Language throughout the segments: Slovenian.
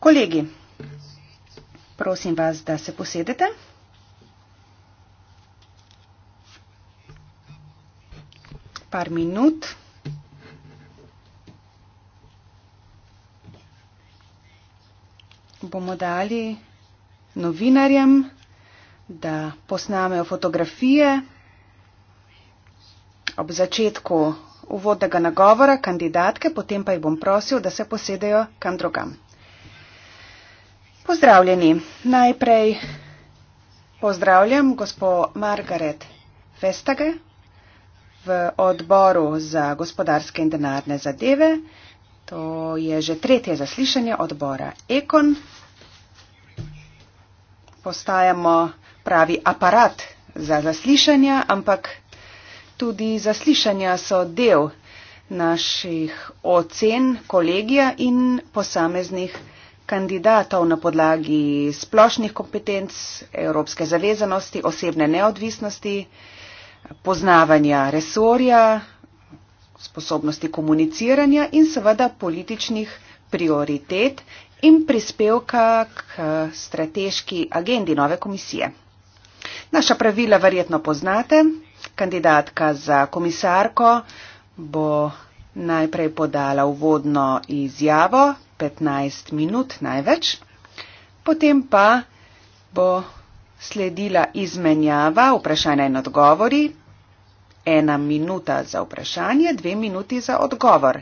Kolegi, prosim vas, da se posedete. Par minut. Bomo dali novinarjem, da posnamejo fotografije ob začetku uvodnega nagovora kandidatke, potem pa jih bom prosil, da se posedejo kam drugam. Pozdravljeni. Najprej pozdravljam gospo Margaret Vestage v odboru za gospodarske in denarne zadeve. To je že tretje zaslišanje odbora Ekon. Postajamo pravi aparat za zaslišanja, ampak Tudi zaslišanja so del naših ocen kolegija in posameznih kandidatov na podlagi splošnih kompetenc, evropske zavezanosti, osebne neodvisnosti, poznavanja resorja, sposobnosti komuniciranja in seveda političnih prioritet in prispevka k strateški agendi nove komisije. Naša pravila verjetno poznate. Kandidatka za komisarko bo najprej podala uvodno izjavo, 15 minut največ, potem pa bo sledila izmenjava vprašanja in odgovori, ena minuta za vprašanje, dve minuti za odgovor.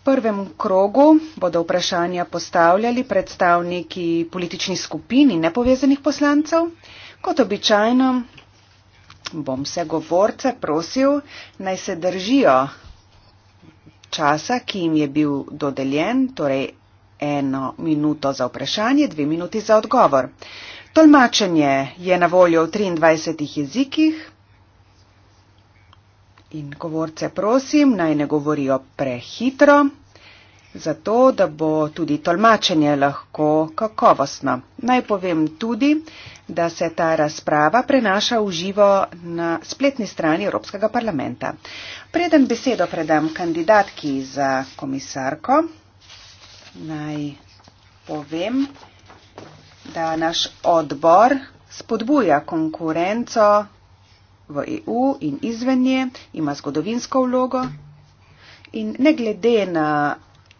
V prvem krogu bodo vprašanja postavljali predstavniki političnih skupin in nepovezanih poslancev. Kot običajno bom vse govorce prosil, naj se držijo časa, ki jim je bil dodeljen, torej eno minuto za vprašanje, dve minuti za odgovor. Tolmačenje je na voljo v 23 jezikih in govorce prosim, naj ne govorijo prehitro zato da bo tudi tolmačenje lahko kakovostno. Naj povem tudi, da se ta razprava prenaša v živo na spletni strani Evropskega parlamenta. Preden besedo predam kandidatki za komisarko, naj povem, da naš odbor spodbuja konkurenco v EU in izven nje, ima zgodovinsko vlogo in ne glede na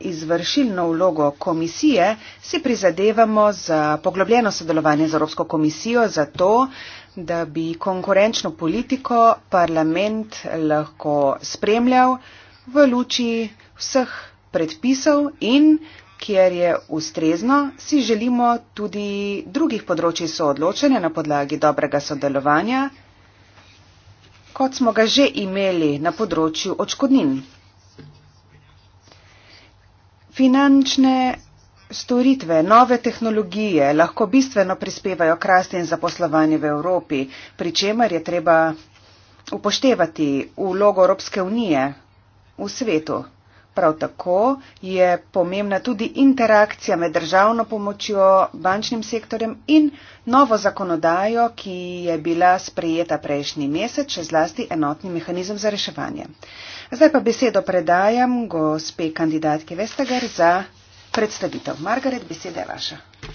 izvršilno vlogo komisije, si prizadevamo za poglobljeno sodelovanje z Evropsko komisijo za to, da bi konkurenčno politiko parlament lahko spremljal v luči vseh predpisov in, kjer je ustrezno, si želimo tudi drugih področji soodločanja na podlagi dobrega sodelovanja, kot smo ga že imeli na področju očkodnin. Finančne storitve, nove tehnologije lahko bistveno prispevajo k rasti in zaposlovanju v Evropi, pri čemer je treba upoštevati vlogo Evropske unije v svetu. Prav tako je pomembna tudi interakcija med državno pomočjo, bančnim sektorjem in novo zakonodajo, ki je bila sprejeta prejšnji mesec, še zlasti enotni mehanizem za reševanje. Zdaj pa besedo predajam gospe kandidatke Vestager za predstavitev. Margaret, beseda je vaša.